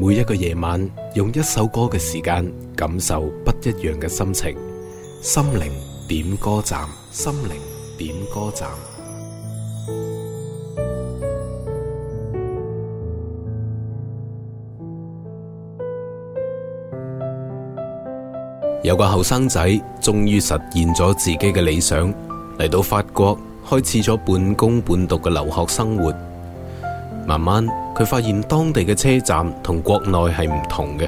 每一個夜晚，用一首歌嘅時間感受不一樣嘅心情。心靈點歌站，心靈點歌站。有個後生仔，終於實現咗自己嘅理想，嚟到法國開始咗半工半讀嘅留學生活。慢慢，佢發現當地嘅車站同國內係唔同嘅，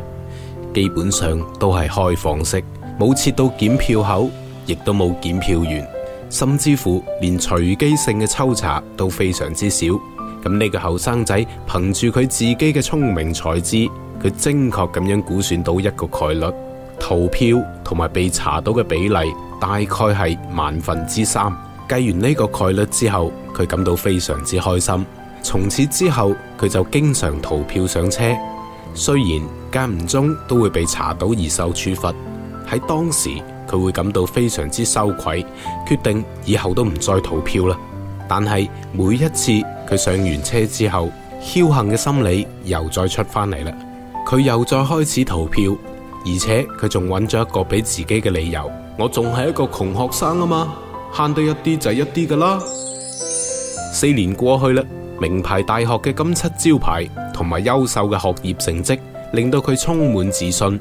基本上都係開放式，冇設到檢票口，亦都冇檢票員，甚至乎連隨機性嘅抽查都非常之少。咁呢個後生仔憑住佢自己嘅聰明才智，佢精確咁樣估算到一個概率，逃票同埋被查到嘅比例大概係萬分之三。計完呢個概率之後，佢感到非常之開心。從此之後，佢就經常逃票上車，雖然間唔中都會被查到而受處罰，喺當時佢會感到非常之羞愧，決定以後都唔再逃票啦。但係每一次佢上完車之後，僥幸嘅心理又再出翻嚟啦，佢又再開始逃票，而且佢仲揾咗一個俾自己嘅理由：我仲係一個窮學生啊嘛，慳得一啲就一啲噶啦。四年過去啦。名牌大學嘅金漆招牌同埋優秀嘅學業成績，令到佢充滿自信。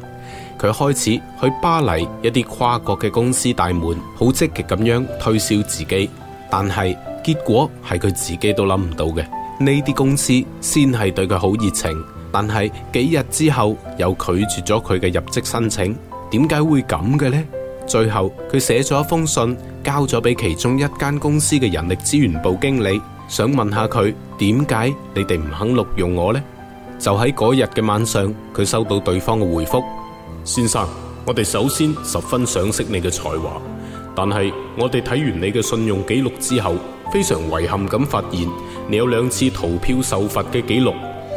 佢開始去巴黎一啲跨國嘅公司大門，好積極咁樣推銷自己。但係結果係佢自己都諗唔到嘅，呢啲公司先係對佢好熱情，但係幾日之後又拒絕咗佢嘅入職申請。點解會咁嘅呢？最後佢寫咗一封信，交咗俾其中一間公司嘅人力資源部經理。想問下佢點解你哋唔肯錄用我呢？就喺嗰日嘅晚上，佢收到對方嘅回覆：先生，我哋首先十分賞識你嘅才華，但係我哋睇完你嘅信用記錄之後，非常遺憾咁發現你有兩次逃票受罰嘅記錄，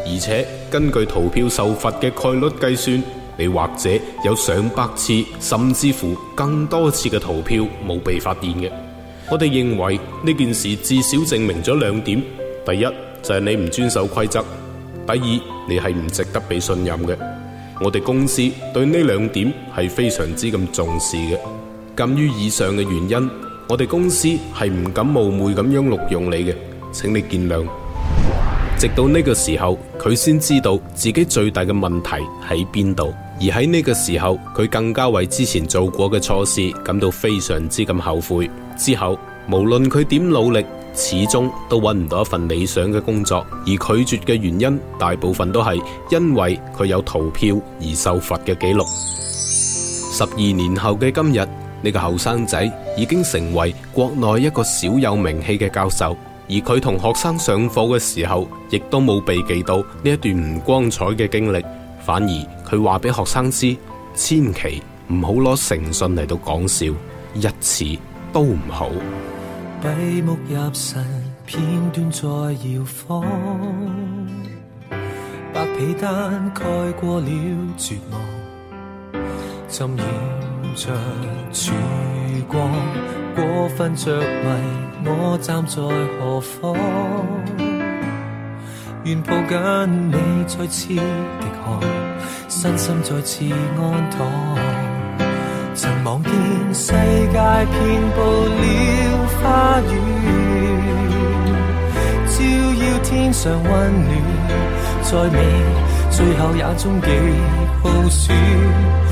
而且根據逃票受罰嘅概率計算，你或者有上百次甚至乎更多次嘅逃票冇被發現嘅。我哋認為呢件事至少證明咗兩點：第一，就係你唔遵守規則；第二，你係唔值得被信任嘅。我哋公司對呢兩點係非常之咁重視嘅。鑒於以上嘅原因，我哋公司係唔敢冒昧咁樣錄用你嘅，請你見諒。直到呢個時候，佢先知道自己最大嘅問題喺邊度，而喺呢個時候，佢更加為之前做過嘅錯事感到非常之咁後悔。之後無論佢點努力，始終都搵唔到一份理想嘅工作，而拒絕嘅原因，大部分都係因為佢有逃票而受罰嘅記錄。十二年後嘅今日，呢個後生仔已經成為國內一個小有名氣嘅教授。而佢同學生上課嘅時候，亦都冇避忌到呢一段唔光彩嘅經歷，反而佢話俾學生知：千祈唔好攞誠信嚟到講笑，一次都唔好。閉目入神，片段在搖晃，白被單蓋過了絕望，浸 染樂。着曙光，過分着迷，我站在何方？願抱緊你，再次滴汗，身心再次安躺。曾望見世界遍布了花園，照耀天上溫暖，再美，最後也終極耗損。